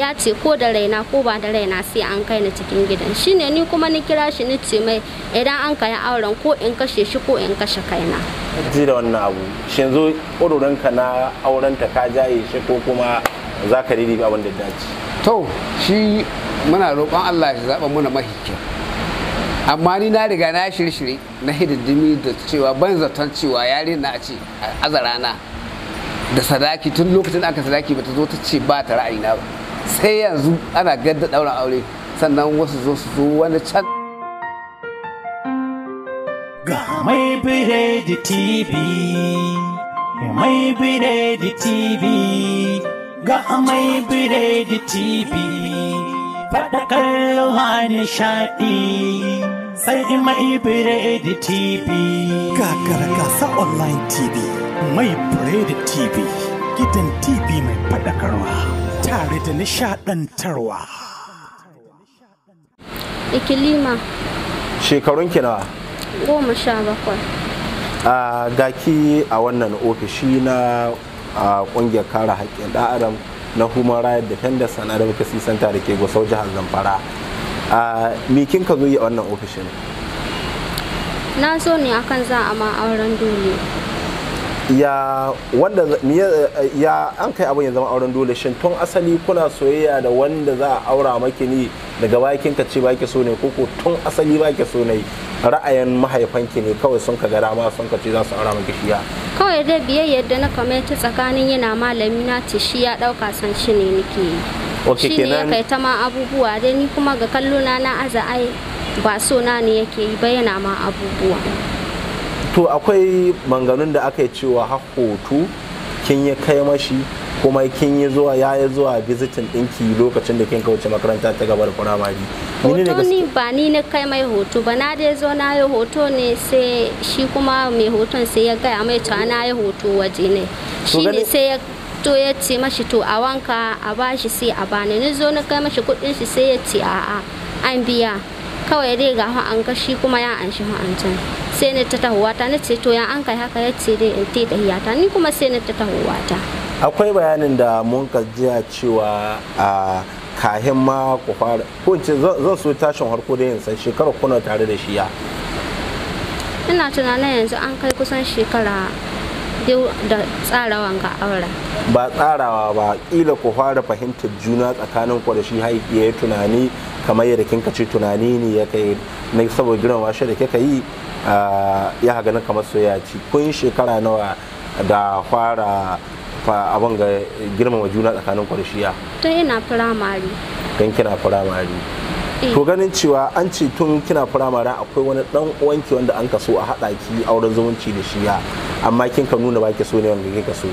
ya ce ko da raina ko ba da raina sai an kai ni cikin gidan shine ni kuma ni kira shi ni ce mai idan an kai auren ko in kashe shi ko in kashe kaina ji da wannan abu shi yanzu ƙudurinka na auren ta ka jaye shi ko kuma za ka riri abin da dace to shi muna roƙon Allah ya zaɓa muna mahi amma ni na riga na shirye na hididdimi da cewa ban zaton cewa yare na a azara na da sadaki tun lokacin aka sadaki bata zo ta ce ba ta ra'ayi na ba sai yanzu ana gadda ɗaurin aure sannan wasu zo su zo wani can ga mai biredi tv mai biredi tv ga mai biredi tv faɗa kallo nishaɗi sai mai biredi tv kakar gasa online tv mai biredi tv gidan tv mai faɗakarwa tare da nishadantarwa. Ikilima. Shekarun nawa? Goma sha bakwai. A gaki a wannan ofishi na kungiyar kare haƙƙin ɗan adam na Human Rights Defenders and Advocacy Center da ke Gusau jihar Zamfara. Me ka zo yi a wannan ofishin? Na so ne akan za a ma auren dole. ya wanda eh, eh, an kai abin ya zama auren dole shin tun asali kuna soyayya da wanda za a aura maki ne daga bakin ka ce baki so ne koko tun asali baki so ne ra'ayin mahaifanki ne kawai sun ka ga dama sun ka ce za su aura maki shiya kawai dai biyayyar da na kamata tsakanin yana malami na ce shi ya dauka san shi ne nake yi shi ne ya kai ta ma abubuwa dai ni kuma ga kallo na na ba so na ne yake yi ba yana ma abubuwa to akwai manganun da aka yi cewa hoto kin ya kai mashi kuma kin yi zuwa ya yi zuwa visitin ɗinki lokacin da kin kawace makaranta ta gabar firamare hoto ni ba ni na kai mai hoto ba na dai zo na yi hoto ne sai shi kuma mai hoton sai ya gaya mai cewa na yi hoto waje ne shi ne sai ya to ya ce mashi to a wanka a bashi sai a bani ni zo na kai mashi kuɗin shi sai ya ce a'a an biya kawai dai ga an shi kuma ya an shi an can sai ta tahuwata na ce to ya an kai haka ya ce dai in te tahiyata ni kuma sai na ta ta. akwai bayanin da mun ka jiya cewa a kahin ma ku fara ko ce zan so tashin harko da yansa shekara kuna tare da shi ya ina tunanin yanzu an kai kusan shekara duk da tsarawan ka aura ba tsarawa ba kila ku fara fahimtar juna tsakanin ku da shi haifi ya tunani kamar yadda kin ce tunani ne ya kai na saboda girin washe da kika yi ya haga nan kamar soyayya ci kun shekara nawa da fara fa abin ga girmama juna tsakanin ku da shi ya tun ina firamare kan kina firamare to eh. ganin cewa an ce tun kina firamare akwai wani dan uwanki wanda an kaso a haɗa ki auren zumunci da shi ya amma kin ka nuna baki so ne wanda kika so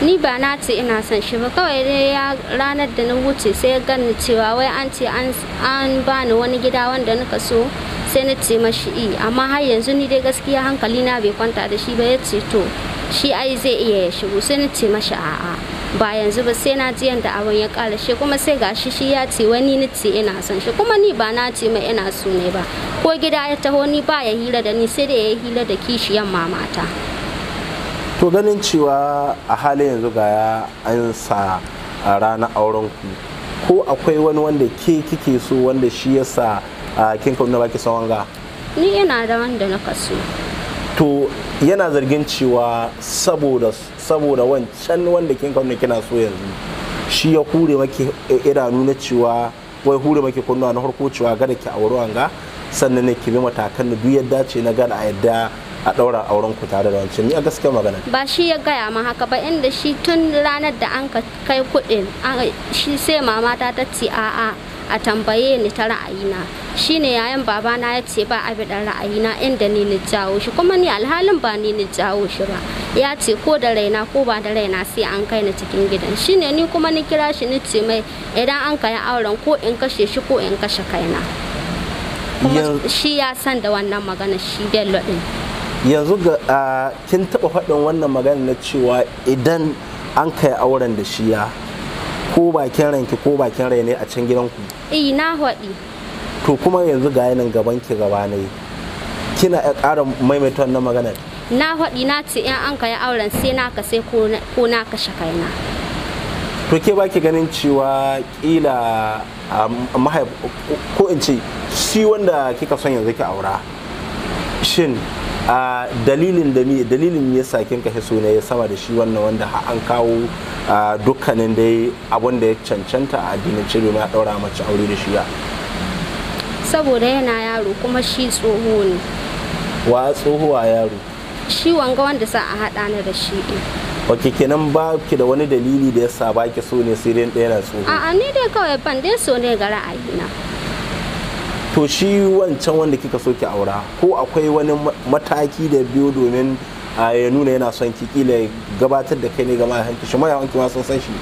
ni ba na ce ina son shi ba kawai dai ya ranar da na wuce sai ya gani cewa wai an ce an bani wani gida wanda na so sai na ce mashi i amma har yanzu ni dai gaskiya hankali na bai kwanta da shi ba ya ce to shi ai zai iya ya shigo sai na ce mashi a'a ba yanzu ba sai na ji yadda abin ya shi kuma sai gashi shi ya ce wani ni ce ina son shi kuma ni ba na ce mai ina so ne ba ko gida ya taho ni ba ya hira da ni sai da ya hira da kishiyan mamata to ganin cewa a halin yanzu ga ya an sa ranar auren ku ko akwai wani wanda ke kike so wanda shi ya sa kin kauna baki son wanga ni ina da wanda na kaso to yana zargin cewa saboda saboda wancan wanda kin kwamna kina so yanzu shi ya hure maki idanu na cewa wai hure maki kunnuwa na harko cewa gada ki auri wanga sannan ne ki bi matakan da duk yadda ce na gada a yadda a ɗaura auren ku tare da wancan ni a gaskiya magana ba shi ya gaya ma haka ba inda shi tun ranar da an kai kuɗi shi sai mama ta ce a'a a tambaye ni ta ra'ayina shine yayan babana ya ce ba abin da ra'ayina inda ni ni jawo shi kuma ni alhalin ba ni ni jawo shi ba ya ce ko da raina ko ba da raina sai an kai ni cikin gidan shine ni kuma ni kira shi ni ce mai idan an kai auren ko in kashe shi ko in kashe kaina kuma shi ya san da wannan magana shi bello din yanzu ga kin taba faɗin wannan magana na cewa idan an kai auren da shi ya ko bakin ranki ko bakin rai ne a can gidanku eh na haɗi to kuma yanzu ga yanin gaban ki gaba ne kina ya ƙara maimaita wannan magana na faɗi na ce in an ka yi auren sai na ka sai ko na kashe kaina to ke ba ganin cewa kila mahaif ko in ce shi wanda kika son yanzu ki aura shin a dalilin da ni dalilin ya sakin kashe suna ya sama da shi wannan wanda an kawo dukkanin dai abin da ya cancanta a addinin cire ma daura mace aure da shi ya saboda yana yaro kuma shi tsoho ne wa tsoho a yaro shi wanga wanda sa a haɗa ni da shi ok kenan ba ki da wani dalili da yasa ba ki so ne sai dai ɗaya na tsoho a'a ni dai kawai ban dai so ne ga ra'ayina to shi wancan wanda kika so ki aura ko akwai wani mataki da biyo domin a ya nuna yana son ki kila gabatar da kai ne ga mahaifin shi mahaifin ma sun san shi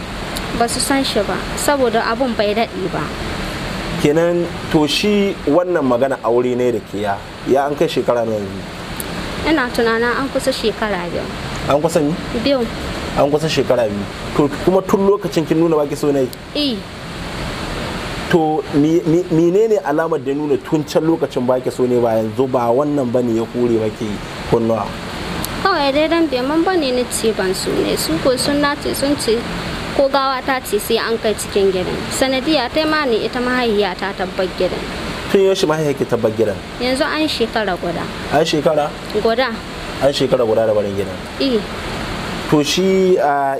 ba su san shi ba saboda abun bai daɗe ba kenan to shi wannan magana aure ne da ke ya ya an kai shekara na yanzu ina tunana an kusa shekara biyu an kusa ni biyu an kusa shekara biyu to kuma tun lokacin kin nuna baki so ne eh to menene alamar da nuna tun can lokacin baki so ne ba yanzu ba wannan bane ya kore baki kunnuwa kawai dai dan bai man bane na ce ban so ne su ko sun nace sun ce ko gawa ta ce sai an kai cikin gidan sanadiya ta ma ne ita mahaihiya ta tabbar gidan tun yaushe mahaihiya ke tabbar gidan yanzu an shekara guda an shekara guda an shekara guda da barin gidan eh to shi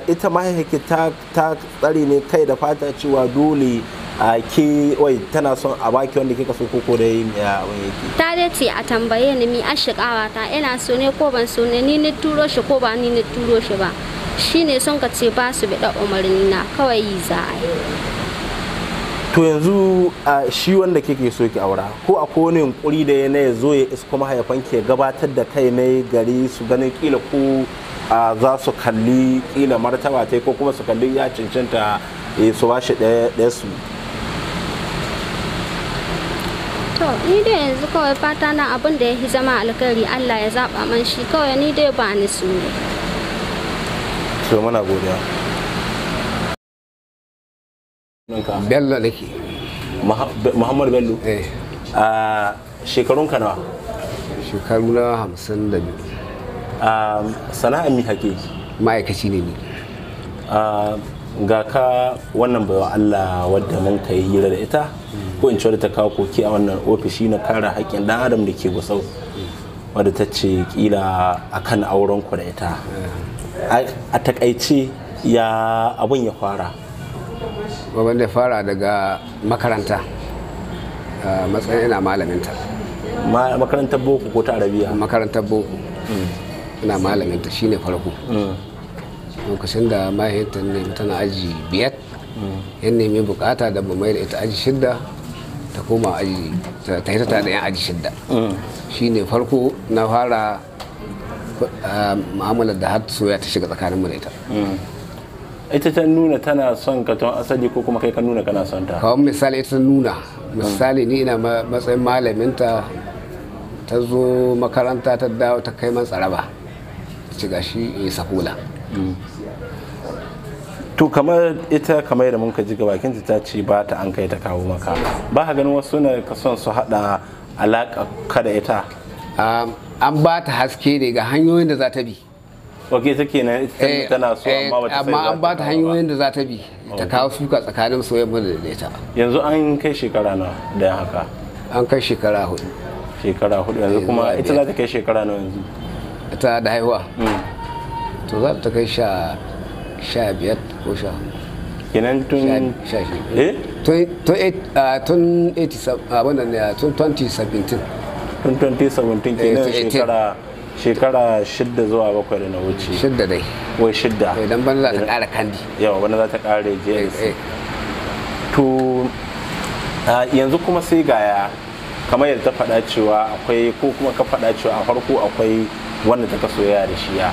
ita mahaihiya ta ta tsare ne kai da fata cewa dole a ke wai tana son a baki wanda kika so koko da yi wani yake ta dai ce a tambaye ni mi ashiƙawa ta ina so ne ko ban so ne ni ni turo shi ko ba ni ni turo shi ba shine son ka ce ba su bida umarni na kawai yi za a yi to yanzu a shi wanda kike so ki aura ko a kone yunkuri da ya ya zo ya isko mahaifan ke gabatar da kai na gari su ganin kila ko za su kalli kila martaba ta ko kuma su kalli ya cancanta eh, su ba shi ɗaya su to ni dai yanzu kawai fata na abin da ya zama alkhairi allah ya zaba man shi kawai ni dai ba ni su to muna godiya bello nake muhammad bello eh a shekarun ka nawa shekaru na hamsin da biyu a sana'a mi hake ma'aikaci ne ni ga ka wannan baiwa allah wadda mun ka yi hira da ita ko in ci wadda ta kawo koki a wannan ofishi na kare haƙƙin ɗan adam da ke gusau mm. wadda ta ce kila akan auren ku da ita eh. a takaice ya abun ya fara abin da fara daga makaranta matsayin ina malaminta makarantar boko ko ta arabiya makarantar boko hmm. ina malaminta shine farko hmm. lokacin da mahaifinta ne tana aji biyar hmm. yan nemi bukata da ba mai da ita aji shidda ta koma aji ta hita ta da yan aji shidda shine farko na fara mu'amalar da har soya ta shiga tsakanin mu da ita hmm. ita ta nuna tana son ka ton asali ko kuma kai ka nuna kana son ta kawai misali ita nuna misali ni ina matsayin malaminta ta zo makaranta ta dawo ta kai man tsaraba ci gashi in sakula hmm. to kamar ita kamar da muka ji gabakin ta ce ba ta an kai ta kawo maka ba ka ganin wasu na ka son su hada alaka kada ita ah, an ba ta haske ne ga hanyoyin da za ta bi ok ta kenan eh, tana so amma eh, ba ta amma an ba ta hanyoyin da za ta bi ta kawo suka tsakanin soyayya da daidaita yanzu an kai shekara na da haka an kai shekara hudu shekara hudu yanzu kuma ita za ta kai shekara na yanzu ta da haihuwa mm. to za ta kai sha sha biyar ko sha kenan tun sha shi eh? tun 2017 tun 2017 eh, kenan eh, shekara shekara shidda zuwa bakwai da na wuce shidda dai wai shidda idan eh, bana za ta kara kandi yawa bana za ta kare js to yanzu kuma sai gaya kamar yadda ta faɗa cewa akwai ko kuma ka faɗa cewa a farko akwai wanda ta kaso ya da shiya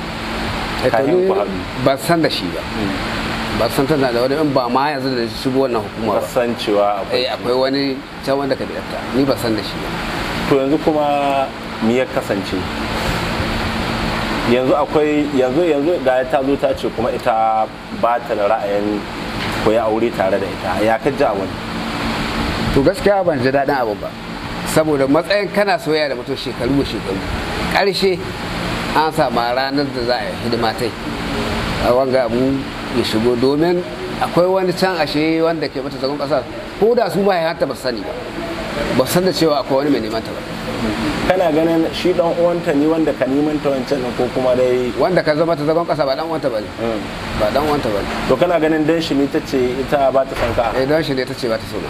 kayan ku ba san da shi ba hmm. ba san tana da wani ba ma yanzu da shi wannan hukuma ba san cewa akwai wani can wanda ka bi ni ba san da shi ba to yanzu kuma me ya kasance yanzu akwai yanzu yanzu ga ta zo ta ce kuma ita ba ta da ra'ayin ko ya aure tare da ita ya kaji a wani to gaskiya ban ji daɗin abu ba saboda matsayin kana soyayya da mutum shekaru da shekaru ƙarshe an samu ranar da za a yi hidima yi. a wanga abu ya shigo domin akwai wani can ashe wanda ke mata zagon ƙasa ko da su ba ya hata ba sani ba ba san da cewa akwai wani mai neman ta ba kana ganin shi dan uwanta ne wanda ka neman ta wancan ko kuma dai wanda ka zama ta zagon kasa ba dan uwanta bane hmm. ba dan uwanta bane to kana ganin dan shi ne ta ce ita ba ta son ka eh dan shi ne ta ce ba ta son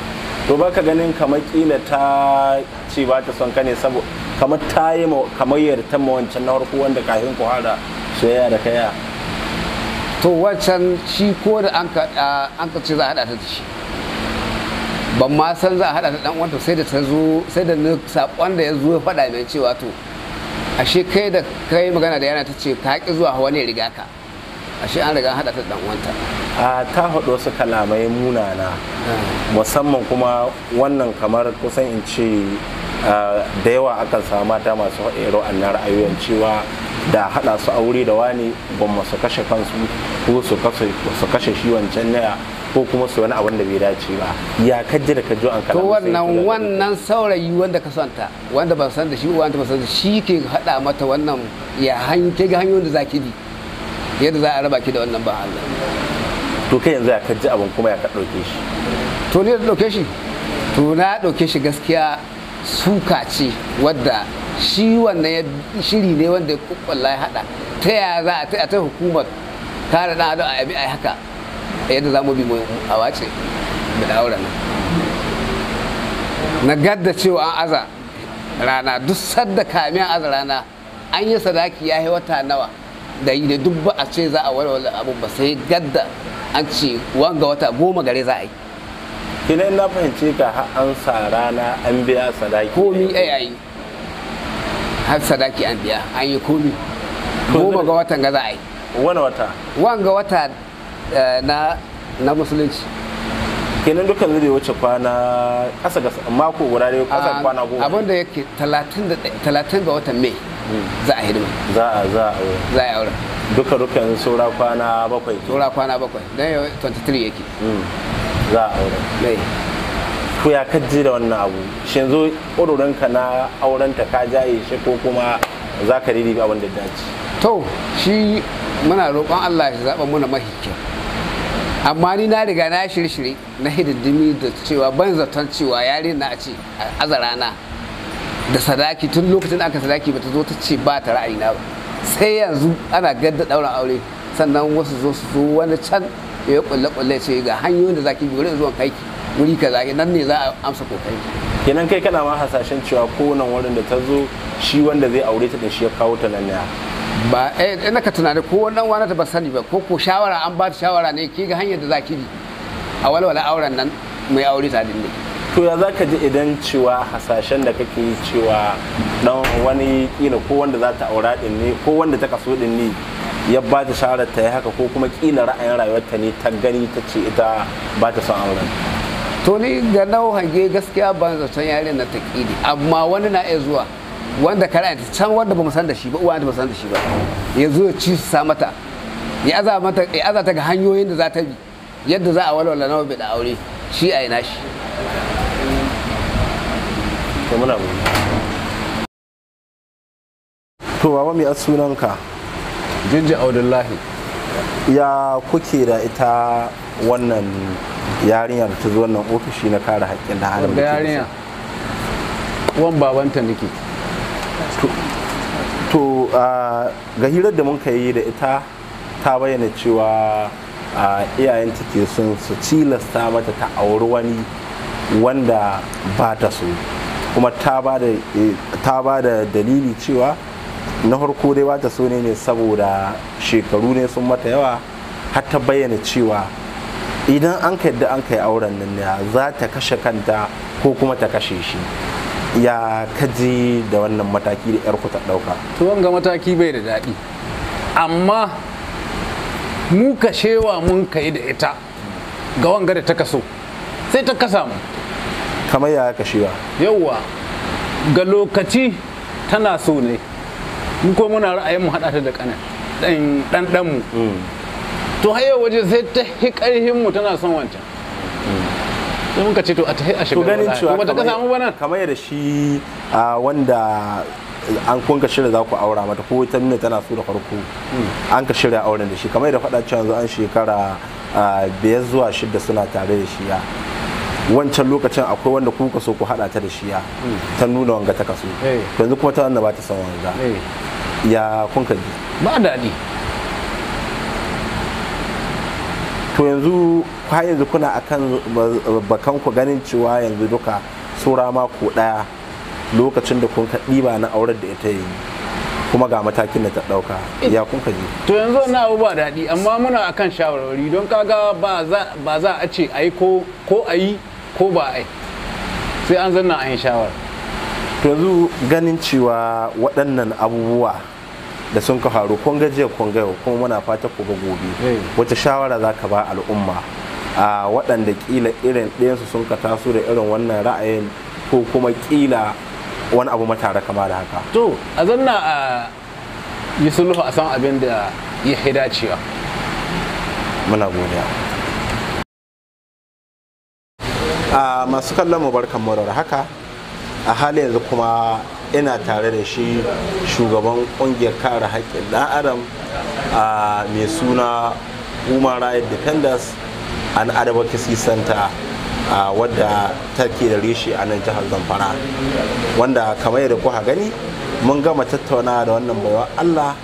to baka ganin kamar kila ta ce ba ta son ka ne saboda kamar ta yi kamar yarda ma wancan na farko wanda kafin ku hada soyayya da kaya to wancan shi ko da an ka ce za a hada ta da shi ban ma san za a haɗa ta dan sai da ta zo sai da saƙon da ya zo faɗa mai cewa to ashe kai da kai magana da yana ta ce ka zuwa hawa ne riga ka ashe an riga haɗa ta ɗan wanta a ta haɗo su kalamai munana ah. musamman kuma wannan kamar kusan in ce da yawa akan samu mata masu haɗero a ra'ayoyin cewa da haɗa su aure da wani ban su kashe kansu ko su kashe shi wancan naya ko kuma su wani abin da bai dace ba ya kaji da kajo an kalamu to wannan wannan saurayi wanda ka santa wanda ban san da shi wanda ba san da shi ke hada mata wannan ya hanke ga hanyoyin da zaki bi yadda za a raba ki da wannan ba Allah to kai yanzu ya kaji abin kuma ya ka dauke shi to ne da dauke shi to na dauke shi gaskiya suka ce wadda shi wannan ya shiri ne wanda ya kukkulla ya hada ta ya za a ta hukumar kare dan adam a haka yadda za mu bi mu a wace mu daura nan na gadda cewa an aza rana duk sadda kamin aza rana an yi sadaki ya yi wata nawa da yi da duk ba a ce za a wani abu ba sai gadda an ce wanga wata goma gare za a yi kina na fahimci ka har an sa rana an biya sadaki komi ai ai har sadaki an biya an yi komi goma ga watan ga za a yi wani wata wanga wata Eh, na na musulunci kenan dukkan zai wuce kwana kasa ga mako wurare kasa ah, kwana goma abin da yake 30 ga watan mai hmm. za a hidima za a za a za a aure duka dukkan saura kwana bakwai saura kwana bakwai dan 23 yake hmm. za a aure mai ku ya kaji da wannan abu shi yanzu ƙudurinka na aurenta ka jaye shi ko kuma za ka riri abin da dace to shi muna roƙon Allah ya zaɓa muna mahi kyau amma ni na riga na shirshiri na hidindimi da cewa ban zaton cewa yare na a ce azarana da sadaki tun lokacin aka sadaki bata zo ta ce ba ta ra'ayi na ba sai yanzu ana gadda ɗaurin aure sannan wasu zo su zo wani can ya kulle kulle ce ga hanyoyin da zaki gure zuwan kaiki wuri zaki nan ne za a amsa kokari kenan kai kana ma hasashen cewa kowanne wurin da ta zo shi wanda zai aure ta da shi ya kawo ta nan ne ba eh ina ka tunani ko wannan wani ta ba sani ba ko ko shawara an ba ta shawara ne ki ga hanyar da za ki bi a walwala auren nan mai aure ta dinne to ya zaka ji idan cewa hasashen da kake cewa dan wani kila ko wanda za ta aura din ne ko wanda ta kaso din ne ya ba ta shawarar ta yi haka ko kuma kila ra'ayin rayuwarta ne ta gani ta ce ita ba ta son auren to ni ga nau hange gaskiya ban zaton yarin na ta kidi amma wani na iya zuwa wanda kare can wanda ba san da shi ba uwa da ba san da shi ba ya zo ya ci sa mata ya aza mata ya aza ta ga hanyoyin da za ta bi yadda za a walwala nawa bai da aure shi a ina shi to muna to baba mai sunanka jinji abdullahi ya kuke da ita wannan yarinya da ta zo wannan ofishi na kare haƙƙin da da yarinya wan babanta nake to ga hirar da muka yi da ita ta bayyana cewa iyayen take sun su cilasta mata ta auri wani wanda ba ta so kuma e, ta ba da dalili cewa na farko dai ba ta so ne ne saboda shekaru ne sun mata yawa har ta bayyana cewa idan an ka yadda an kai auren nan za ta kashe kanta ko kuma ta kashe shi ya kaji da wannan mataki da yar ta dauka to wanga mataki bai da daɗi amma mu kashewa mun kai da ita ga wanga da ta kaso sai ta kasa mu kamar ya kashewa yauwa ga lokaci tana so ne mu ko muna ra'ayin mu hada ta da kanan dan dan mu mm. to hayo waje sai ta hi karhin mu tana son wancan sai muka ce to a tahi a shiga ganin cewa kuma ta samu bana kamar yadda shi wanda an kun ka shirya za ku aura mata ko ta nuna tana so da farko an ka shirya auren da shi kamar yadda faɗa cewa zo an shekara biyar zuwa shida suna tare da shi ya wancan lokacin akwai wanda kuka so ku haɗa ta da shiya ta nuna wanga ta kaso eh. yanzu kuma ta wanda ba ta san wanga eh. ya kun ka ji ba daɗi to yanzu har yanzu kuna akan bakan ku ganin cewa yanzu duka tsura mako daya lokacin da kun ba na aurar da ita yi kuma ga matakin da ta ɗauka ya kun ji to yanzu na abu ba daɗi amma muna akan shawarwari don kaga ba za a ce ai ko a yi ko ba yi sai an zanna an yi to yanzu ganin cewa waɗannan abubuwa da sun ka faru kun jiya kun kuma muna fata ku ga gobe wace shawara za ka ba al'umma a waɗanda kila irin ɗayansu sun ka taso da irin wannan ra'ayin ko kuma kila wani abu matara kama da haka to a zanna a yi sulhu a san abin da ya cewa muna godiya a masu kallon mu barkan mu da haka a hali yanzu kuma ina tare da shi shugaban kungiyar kare haƙƙin ɗan adam a mai suna human rights defenders an advocacy center a wadda ke da reshe a nan jihar zamfara wanda kamar yadda kuka gani mun gama tattauna da wannan bawa allah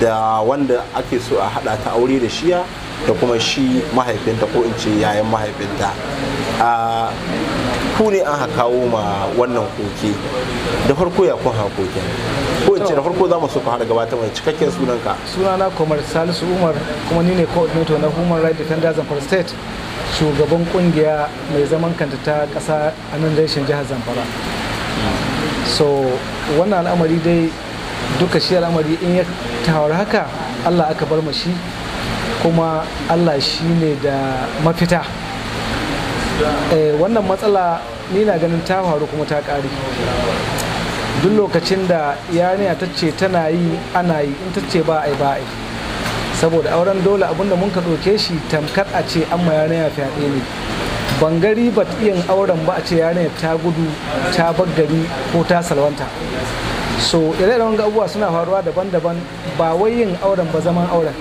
da wanda ake so a hada ta aure da shiya da kuma shi mahaifinta ko in ce yayan mahaifinta ku ne an kawo ma wannan koke da farko ya kun ke ko in ce da farko za mu so ku har mai cikakken sunanka sunana Komar Salisu Umar kuma ni ne coordinator na Human Rights Defenders Zamfara State shugaban kungiya mai zaman kanta ta kasa a nan reshen jihar Zamfara so wannan al'amari dai duka shi al'amari in ya tawar haka Allah aka bar shi, kuma Allah shi ne da mafita Eh, wannan matsala ni na ganin ta faru kuma ta ƙari duk lokacin da yarinya ta ce tana yi ana yi in ta ce ba a yi ba a saboda auren dole abinda mun ka ɗauke shi tamkar a ce an ma yarinya fyaɗe ne bangari ba iya auren ba a ce yarinya ta gudu ta baggari ko ta salwanta so ire-iren abubuwa suna faruwa daban-daban ba wai yin auren ba zaman auren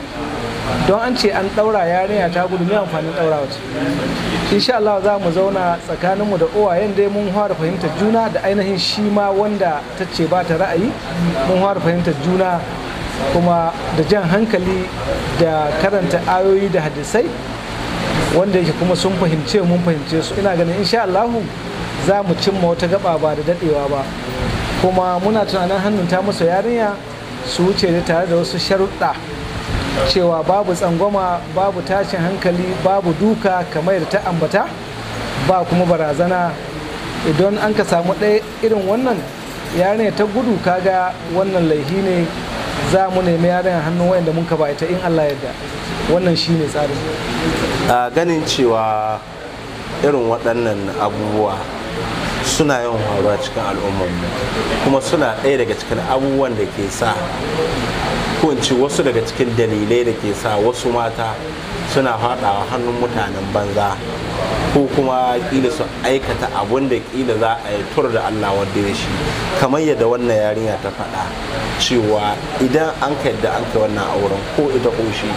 don an ce an ɗaura yarinya ta gudu mai amfanin daura wace insha Allah za mu zauna tsakaninmu da uwayen dai mun fara fahimtar juna da ainihin shi ma wanda ta ce ba ta ra'ayi mun fara fahimtar juna kuma da jan hankali da karanta ayoyi da hadisai wanda yake kuma sun fahimce mun fahimce su ina ganin insha Allah za mu cimma wata gaba ba da dadewa ba kuma muna tunanin hannun ta musu yarinya su wuce da tare da wasu sharuɗa cewa babu tsangwama babu tashin hankali babu duka kamar da ta ambata ba kuma barazana idan an ka samu ɗaya irin wannan yarinya ta gudu kaga wannan laihi ne za mu nemi yarinya hannun wayanda mun ka ita in Allah yadda wannan shi ne tsarin ganin cewa irin waɗannan abubuwa suna yawan faruwa cikin al'ummar kuma suna ɗaya daga cikin abubuwan da ke sa hukunci wasu daga cikin dalilai da ke sa wasu mata suna faɗawa hannun mutanen banza ko kuma kila su aikata abun da ƙila za a yi tur da Allah wanda ya shi kamar yadda wannan yarinya ta faɗa cewa idan an ka yadda an kai wannan auren ko ita ƙoshi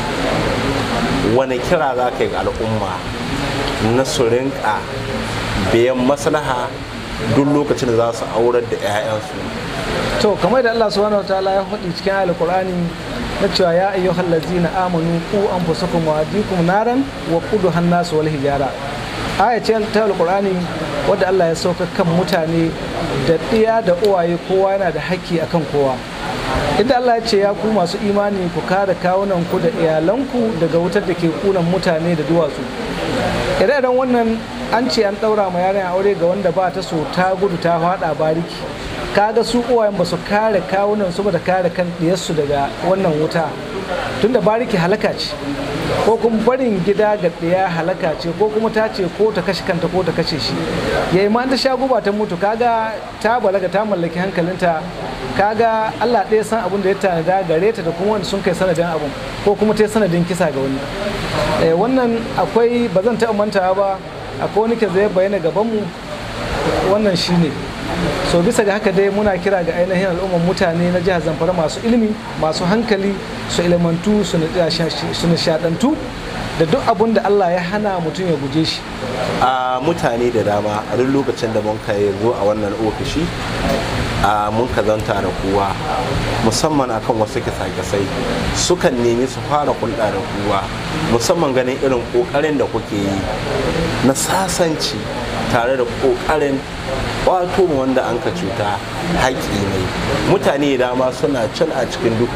wani kira za ka yi ga al'umma na su rinka biyan maslaha duk lokacin da za su aurar da 'ya'yansu to kamar da Allah subhanahu wataala ya faɗi cikin alkur'ani na cewa ya ayyu ladzina amanu ku anfusakum wa ahlikum naran wa quduha an-nas wal hijara aya ta alkur'ani wadda Allah ya sauka kan mutane da ɗiya da uwaye kowa yana da haƙƙi akan kowa inda Allah ya ce ya ku masu imani ku kare kawunan ku da iyalanku daga wutar da ke kunan mutane da duwatsu idan iren wannan an ce an daura ma yaran aure ga wanda ba ta so ta gudu ta faɗa bariki kaga su uwayen ba su kare kawunan su ba da kare kan diyarsu daga wannan wuta tunda bariki halaka ce ko kuma barin gida ga ɗaya halaka ce ko kuma ta ce ko ta kashe kanta ko ta kashe shi yayi ma ta sha guba ta mutu kaga ta balaga ta mallaki hankalinta kaga Allah ɗaya san abin da ya tanada gare ta da kuma wanda sun kai sanadin abin ko kuma ta sanadin kisa ga wani eh, wannan akwai ba zan taɓa mantawa ba akwai wani ke zai bayyana gabanmu wannan shine so bisa ga haka dai muna kira ga ainihin al'umman mutane na jihar zamfara masu ilimi masu hankali su ilimantu su nishadantu da duk abun da allah ya hana mutum ya guje shi a mutane da dama a duk lokacin da mun kai zo a wannan ofishi a mun kazanta da kowa musamman akan wasu kisa-kisai sukan nemi su fara hulɗa da kowa musamman ganin irin ƙoƙarin da kuke yi na sasanci tare da ƙoƙarin kwato mu wanda an ka cuta haƙƙi ne mutane dama suna can a cikin duhu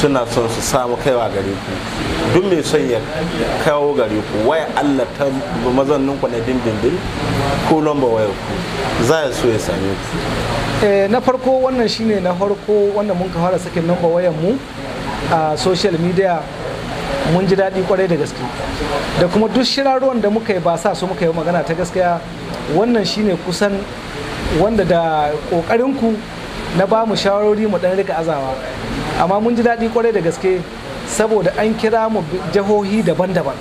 suna son su samu kaiwa gare ku duk mai son ya kawo gare ku waya Allah ta mazannin ku na dindindin ko lamba waya ku za a so ya same ku eh, na farko wannan shine na farko wanda mun ka fara sakin lamba wayar mu a social media mun ji daɗi kwarai da gaske da kuma duk shirarruwan da muka yi ba sa so muka yi magana ta gaskiya wannan shine kusan wanda da ƙoƙarinku na ba mu shawarori mu ɗan rika azawa amma mun ji daɗi kwarai da gaske saboda an kira mu jihohi daban-daban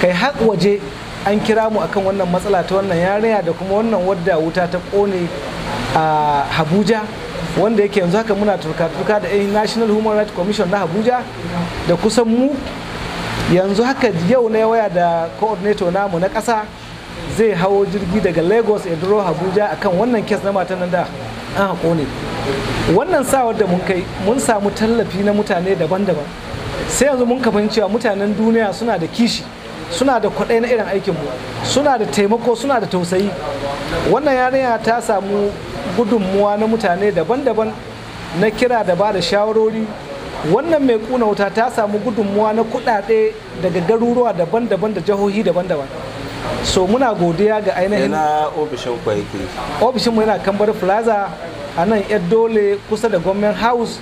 kai har waje an kira mu akan wannan matsala ta wannan yarinya da kuma wannan wadda wuta ta ƙone a habuja wanda yake yanzu haka muna turka-turka da national human rights commission na habuja da kusan mu yanzu haka yau na waya da coordinator namu na ƙasa zai hawo jirgi daga lagos ya duro abuja akan wannan kes na matan nan da an ne. wannan sawar da mun kai mun samu tallafi na mutane daban-daban sai yanzu mun kafin cewa mutanen duniya suna da kishi suna da kwaɗai na irin aikin mu suna da taimako suna da tausayi wannan yarinya ta samu gudunmuwa na mutane daban-daban na kira da ba da shawarori wannan mai kuna wuta ta samu gudunmuwa na kuɗaɗe daga garuruwa daban-daban da jihohi daban-daban so muna godiya ga ainihin na ofishin kwaiki ofishin mu yana kambar plaza a nan yar dole kusa da government house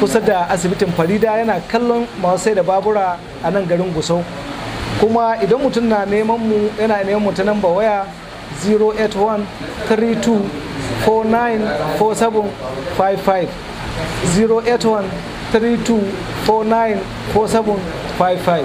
kusa da asibitin farida yana kallon masu da babura a nan garin gusau kuma idan mutum na neman mu yana neman mu ta namba waya 081 32 081